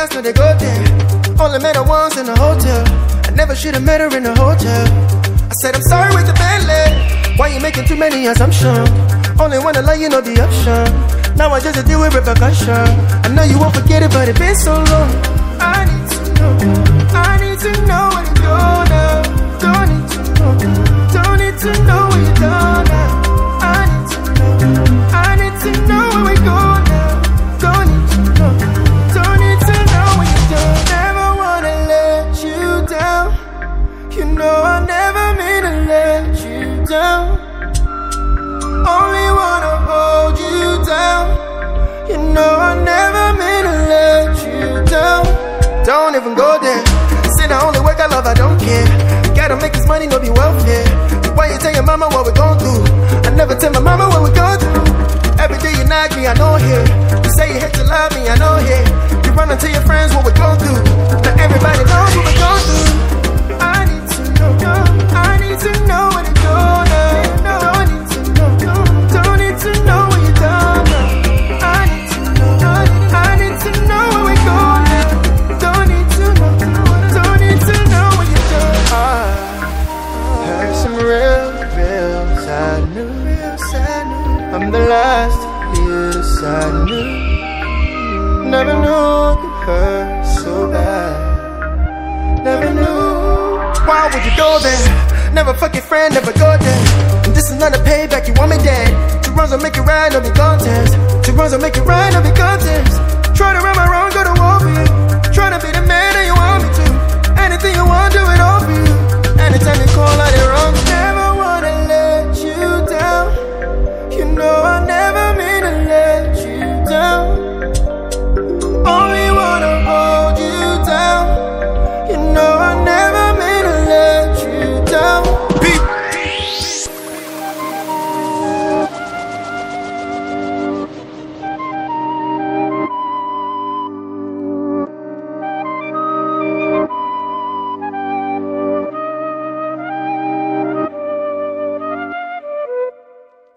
fast, now they go there. Only met her once in a hotel. I never should have met her in a hotel. I said, I'm sorry with the Bentley. Why you making too many assumptions? Only wanna lie, you know the option. Now I just deal with repercussion. I know you won't forget it, but it been so long. I need down. You know I never mean to let you down. Only wanna hold you down. You know I never mean to let you down. Don't even go there. Say I only work I love, I don't care. Gotta make this money, no be welfare. Why you tell your mama what we gon' do? I never tell my mama what knew, I am the last, to I knew Never knew it could hurt so bad Never knew Why would you go there? Never fuck your friend, never go there And this is not a payback, you want me dead Two runs will make it right, no be contest Two runs will make it right, no be contest Try to run my wrong, go to war